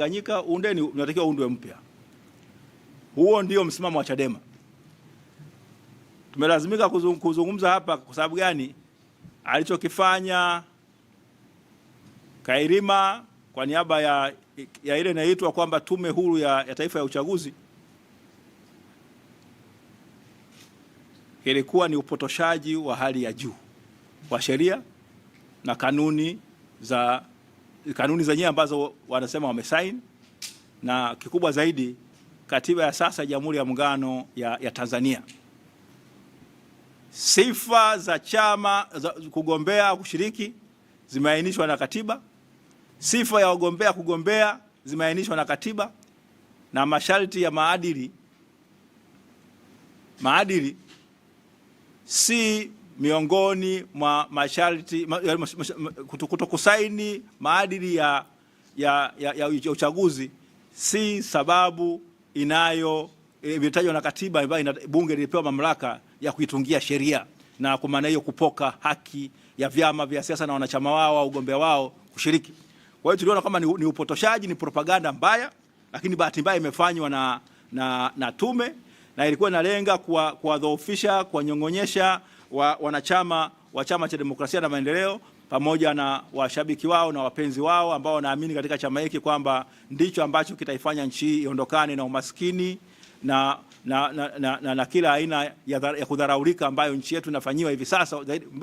Tanganyika uundeni, unatakiwa undwe mpya. Huo ndio msimamo wa Chadema. Tumelazimika kuzungumza hapa kwa sababu gani? Alichokifanya Kairima kwa niaba ya, ya ile inaitwa kwamba Tume Huru ya, ya Taifa ya Uchaguzi ilikuwa ni upotoshaji wa hali ya juu wa sheria na kanuni za kanuni zenyewe ambazo wanasema wamesign, na kikubwa zaidi katiba ya sasa ya Jamhuri ya Muungano ya, ya Tanzania. Sifa za chama za kugombea kushiriki zimeainishwa na katiba. Sifa ya wagombea kugombea zimeainishwa na katiba, na masharti ya maadili maadili si miongoni mwa masharti kutokusaini maadili ya, ya, ya, ya uchaguzi si sababu inayo eh, imetajwa na katiba ambayo bunge lilipewa mamlaka ya kuitungia sheria na kwa maana hiyo kupoka haki ya vyama vya siasa na wanachama wao au ugombea wao kushiriki. Kwa hiyo tuliona kama ni, ni upotoshaji, ni propaganda mbaya, lakini bahati mbaya imefanywa na, na, na tume na ilikuwa inalenga kuwadhoofisha, kuwanyong'onyesha wa wanachama wa Chama cha Demokrasia na Maendeleo pamoja na washabiki wao na wapenzi wao ambao wanaamini katika chama hiki kwamba ndicho ambacho kitaifanya nchi hii iondokane na umaskini na, na, na, na, na, na kila aina ya, ya kudharaulika ambayo nchi yetu inafanyiwa hivi sasa,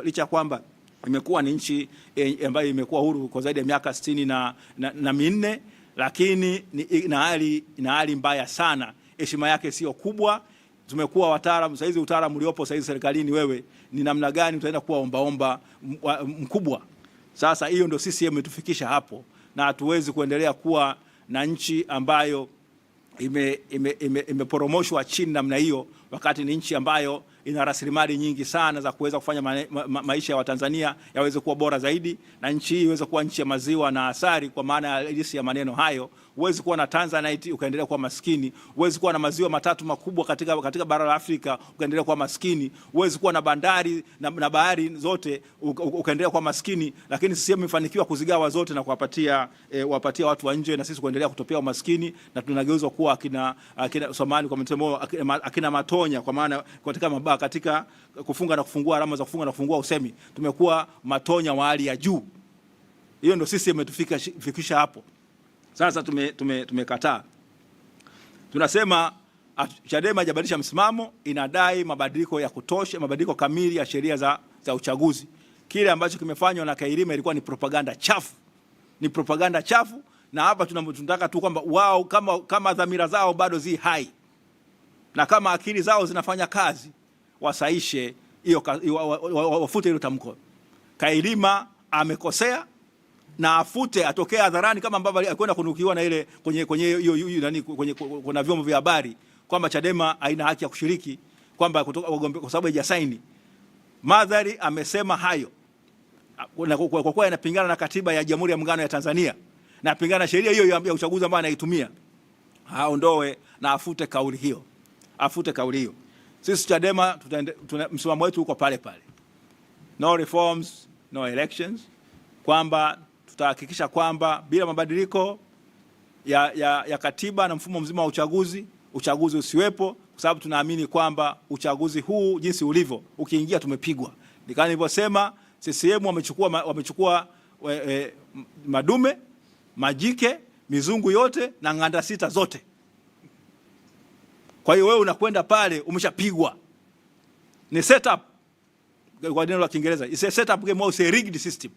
licha ya kwamba imekuwa ni nchi e, ambayo imekuwa huru kwa zaidi ya miaka sitini na, na, na minne, lakini na hali mbaya sana, heshima yake sio kubwa tumekuwa wataalamu saizi, utaalamu uliopo saizi serikalini wewe ni namna gani utaenda kuwa ombaomba mkubwa. Sasa hiyo ndio CCM imetufikisha hapo, na hatuwezi kuendelea kuwa na nchi ambayo imeporomoshwa ime, ime, ime chini namna hiyo, wakati ni nchi ambayo ina rasilimali nyingi sana za kuweza kufanya ma ma ma maisha ya Watanzania yaweze kuwa bora zaidi na nchi hii iweze kuwa nchi ya maziwa na asali, kwa maana ya jinsi ya maneno hayo. Huwezi kuwa na Tanzanite ukaendelea kuwa maskini. Huwezi kuwa na maziwa matatu makubwa katika, katika bara la Afrika ukaendelea kuwa maskini. Huwezi kuwa na bandari na, na bahari zote ukaendelea kuwa maskini, lakini sisi tumefanikiwa kuzigawa zote na kuwapatia e, eh, wapatia watu wa nje na sisi kuendelea kutopea umaskini na tunageuzwa kuwa akina akina Somali kwa mtemo akina, akina Matonya kwa maana katika mabaka katika kufunga na kufungua, alama za kufunga na kufungua usemi, tumekuwa matonya wa hali ya juu. Hiyo ndio sisi imetufika fikisha hapo sasa. Tumekataa, tume, tume tunasema Chadema haijabadilisha msimamo, inadai mabadiliko ya kutosha, mabadiliko kamili ya sheria za, za uchaguzi. Kile ambacho kimefanywa na Kairima ilikuwa ni propaganda chafu, ni propaganda chafu, na hapa tunataka tu kwamba wao kama, kama dhamira zao bado zi hai na kama akili zao zinafanya kazi wasaishe hiyo, wafute hilo tamko. Kailima amekosea na afute, atokee hadharani kama ambavyo alikwenda kunukiwa na ile kwenye kwenye hiyo nani, kwenye kuna vyombo vya habari kwamba Chadema haina haki ya kushiriki kwamba kwa sababu haijasaini. Madhari amesema hayo kwa kuwa yanapingana na katiba ya Jamhuri ya Muungano ya Tanzania na pingana na sheria hiyo ya uchaguzi ambayo anaitumia, aondoe na afute kauli hiyo, afute kauli hiyo. Sisi Chadema msimamo wetu uko pale pale, no reforms no elections, kwamba tutahakikisha kwamba bila mabadiliko ya, ya, ya katiba na mfumo mzima wa uchaguzi, uchaguzi usiwepo, kwa sababu tunaamini kwamba uchaguzi huu jinsi ulivyo, ukiingia tumepigwa. Nikana nilivyosema, CCM wamechukua, wamechukua we, we, madume majike mizungu yote na nganda sita zote. Kwa hiyo wewe unakwenda pale umeshapigwa, ni setup kwa neno la Kiingereza, it's a setup game au a rigged system.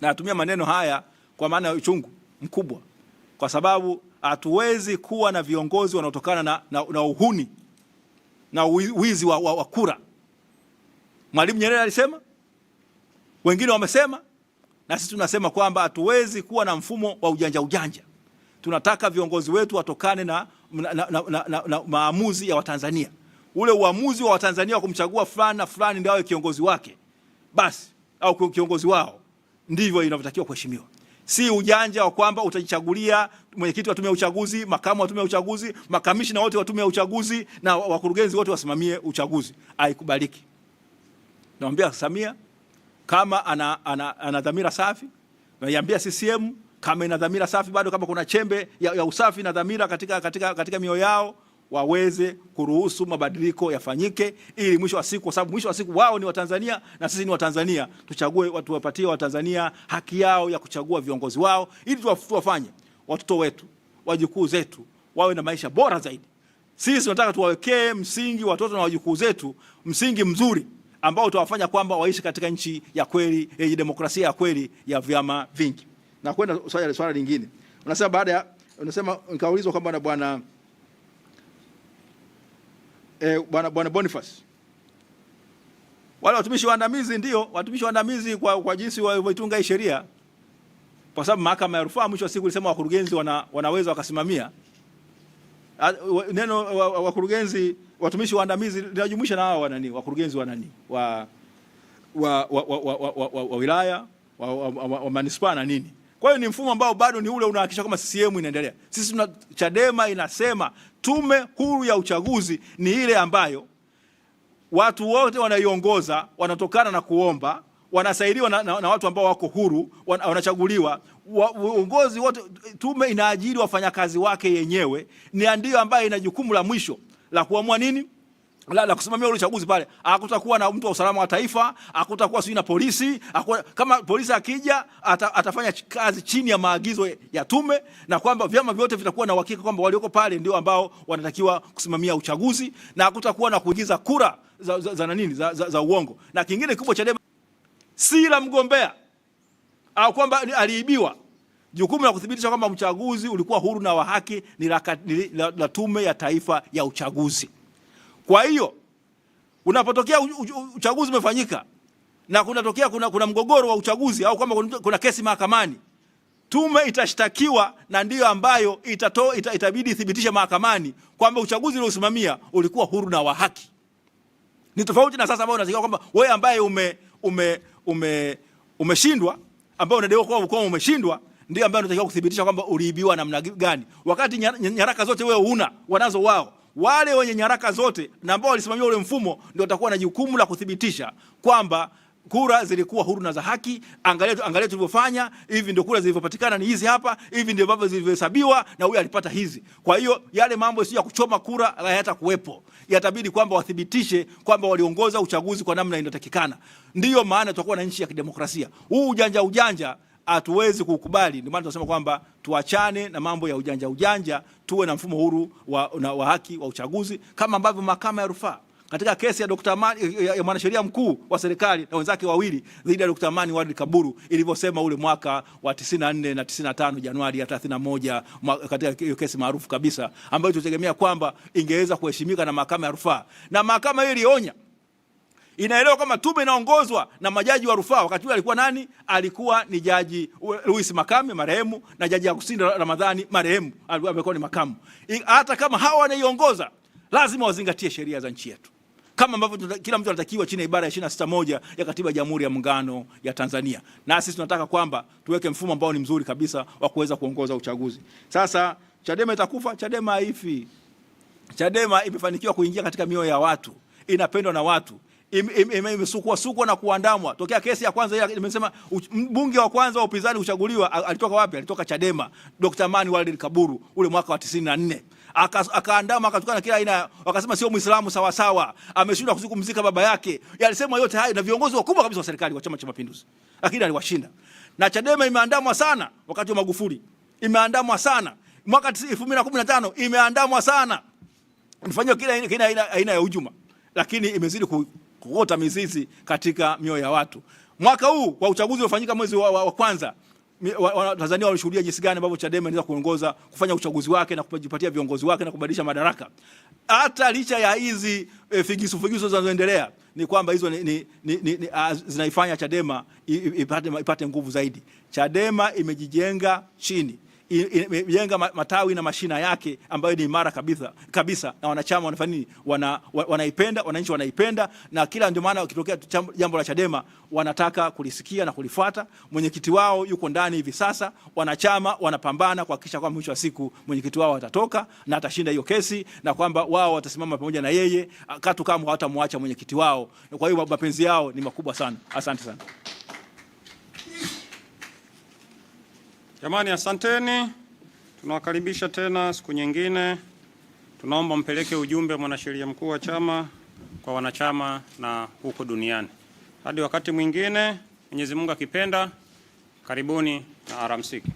Na natumia maneno haya kwa maana ya uchungu mkubwa, kwa sababu hatuwezi kuwa na viongozi wanaotokana na, na, na uhuni na wizi wa, wa, wa kura. Mwalimu Nyerere alisema, wengine wamesema, na sisi tunasema kwamba hatuwezi kuwa na mfumo wa ujanja ujanja. Tunataka viongozi wetu watokane na na, na, na, na, na maamuzi ya Watanzania, ule uamuzi wa Watanzania wa kumchagua fulani na fulani ndio awe kiongozi wake basi, au kiongozi wao, ndivyo inavyotakiwa kuheshimiwa, si ujanja wa kwamba utajichagulia mwenyekiti wa tume ya uchaguzi, makamu wa tume ya uchaguzi, makamishina wote wa tume ya uchaguzi na wakurugenzi wote wasimamie uchaguzi. Haikubaliki. Namwambia Samia kama ana, ana, ana, ana dhamira safi, naiambia CCM kama ina dhamira safi bado, kama kuna chembe ya, ya usafi na dhamira katika, katika, katika mioyo yao waweze kuruhusu mabadiliko yafanyike, ili mwisho wa siku, kwa sababu mwisho wa siku wao ni Watanzania na sisi ni Watanzania, tuchague watu, wapatie Watanzania haki yao ya kuchagua viongozi wao, ili tuwafanye watoto wetu, wajukuu zetu wawe na maisha bora zaidi. Sisi tunataka tuwawekee msingi watoto na wajukuu zetu, msingi mzuri ambao utawafanya kwamba waishi katika nchi ya kweli yenye demokrasia ya kweli ya vyama vingi na kwenda swala swala lingine, unasema baada ya unasema nikaulizwa kwamba na bwana eh, bwana bwana Boniface wale watumishi waandamizi ndio watumishi waandamizi kwa, kwa jinsi walivyoitunga hii sheria, kwa sababu mahakama ya rufaa mwisho wa siku ilisema wakurugenzi wana, wanaweza wakasimamia neno wakurugenzi. Watumishi waandamizi linajumuisha na hao wanani wakurugenzi wa nani wa wa wa wilaya wa manispaa na nini kwa hiyo ni mfumo ambao bado ni ule unahakikisha kama CCM inaendelea. Sisi tuna Chadema inasema tume huru ya uchaguzi ni ile ambayo watu wote wanaiongoza wanatokana na kuomba, wanasaidiwa na, na, na watu ambao wako huru, wanachaguliwa uongozi wote. Tume inaajiri wafanyakazi wake yenyewe, ni ndiyo ambayo ina jukumu la mwisho la kuamua nini la, la kusimamia ule uchaguzi pale, hakutakuwa na mtu wa usalama wa taifa, hakutakuwa sijui na polisi akuwa, kama polisi akija ata, atafanya kazi chini ya maagizo ya tume, na kwamba vyama vyote vitakuwa na uhakika kwamba walioko pale ndio ambao wanatakiwa kusimamia uchaguzi, na hakutakuwa na kuingiza kura za, za, za, nanini, za, za, za uongo. Na kingine kikubwa, Chadema si la mgombea au kwamba aliibiwa jukumu la kuthibitisha kwamba mchaguzi ulikuwa huru na wa haki ni la, la, la Tume ya Taifa ya Uchaguzi. Kwa hiyo unapotokea uchaguzi umefanyika na kunatokea kuna, kuna mgogoro wa uchaguzi au kwamba kuna kesi mahakamani, tume itashtakiwa na ndiyo ambayo itato, ita, itabidi ithibitishe mahakamani kwamba uchaguzi uliosimamia ulikuwa huru na wa haki. Ni tofauti na sasa ambao unasikia kwamba wewe ambaye ume ume ume umeshindwa ambao unadaiwa kwa ukoma umeshindwa, ndio ambaye unatakiwa kuthibitisha kwamba uliibiwa namna gani, wakati nyaraka zote wewe una wanazo wao wale wenye nyaraka zote na ambao walisimamia ule mfumo ndio watakuwa na jukumu la kuthibitisha kwamba kura zilikuwa huru na za haki. Angalia, angalia tulivyofanya hivi, ndio kura zilivyopatikana ni hizi hapa, hivi ndio ambavyo zilivyohesabiwa na huyu alipata hizi. Kwa hiyo yale mambo sio ya kuchoma kura, hayata kuwepo. Yatabidi kwamba wathibitishe kwamba waliongoza uchaguzi kwa namna inayotakikana. Ndiyo maana tutakuwa na nchi ya kidemokrasia. Huu ujanja ujanja hatuwezi kukubali. Ndio maana tunasema kwamba tuachane na mambo ya ujanja ujanja, tuwe na mfumo huru wa, na, wa haki wa uchaguzi kama ambavyo mahakama ya rufaa katika kesi ya Dr. Mani, ya mwanasheria mkuu wa serikali na wenzake wawili dhidi ya Dr. Mani Ward Kaburu ilivyosema ule mwaka wa 94 na 95 Januari ya 31 katika hiyo kesi maarufu kabisa ambayo tutegemea kwamba ingeweza kuheshimika na mahakama ya rufaa, na mahakama hiyo ilionya inaelewa kwamba tume inaongozwa na majaji wa rufaa. Wakati huo alikuwa nani? Alikuwa ni jaji Luis Makame marehemu na jaji Agustino Ramadhani marehemu, alikuwa amekuwa ni makamu. Hata kama hawa wanaiongoza, lazima wazingatie sheria za nchi yetu kama ambavyo kila mtu anatakiwa chini ya ibara ya ishirini na sita moja ya katiba ya Jamhuri ya Muungano ya Tanzania. Na sisi tunataka kwamba tuweke mfumo ambao ni mzuri kabisa wa kuweza kuongoza uchaguzi. Sasa Chadema itakufa? Chadema haifi. Chadema imefanikiwa kuingia katika mioyo ya watu, inapendwa na watu imesukuasukwa na kuandamwa tokea kesi ya kwanza Imesema mbunge wa kwanza wa upinzani kuchaguliwa alitoka wapi? Alitoka Chadema, Dr. Mani Walid Kaburu ule mwaka wa 94 akaandama aka akatukana kila aina, wakasema sio Muislamu sawasawa, ameshindwa kuzungumzika baba yake. Yalisema yote hayo na viongozi wakubwa kabisa wa serikali wa Chama cha Mapinduzi, lakini aliwashinda. Na Chadema imeandamwa sana wakati wa Magufuli, imeandamwa sana mwaka 2015 imeandamwa sana, mfanyio kila aina ya hujuma, lakini imezidi kuota mizizi katika mioyo ya watu. Mwaka huu wa uchaguzi uliofanyika mwezi wa, wa, wa kwanza Watanzania walishuhudia jinsi gani ambavyo Chadema inaweza kuongoza kufanya uchaguzi wake na kujipatia viongozi wake na kubadilisha madaraka. Hata licha ya hizi e, figisu figisu zinazoendelea ni kwamba hizo ni, ni, ni, ni, zinaifanya Chadema ipate, ipate nguvu zaidi. Chadema imejijenga chini imejenga matawi na mashina yake ambayo ni imara kabisa kabisa, na wanachama wanafanya nini? Wana, wanaipenda, wananchi wanaipenda, na kila ndio maana ukitokea jambo la Chadema wanataka kulisikia na kulifuata. Mwenyekiti wao yuko ndani hivi sasa, wanachama wanapambana kuhakikisha kwamba mwisho wa siku mwenyekiti wao atatoka na atashinda hiyo kesi na kwamba wao watasimama pamoja na yeye katu kama hawatamwacha mwenyekiti wao. Kwa hiyo mapenzi yao ni makubwa sana. Asante sana. Jamani, asanteni, tunawakaribisha tena siku nyingine. Tunaomba mpeleke ujumbe mwanasheria mkuu wa chama kwa wanachama na huko duniani. Hadi wakati mwingine, Mwenyezi Mungu akipenda, karibuni na aramsiki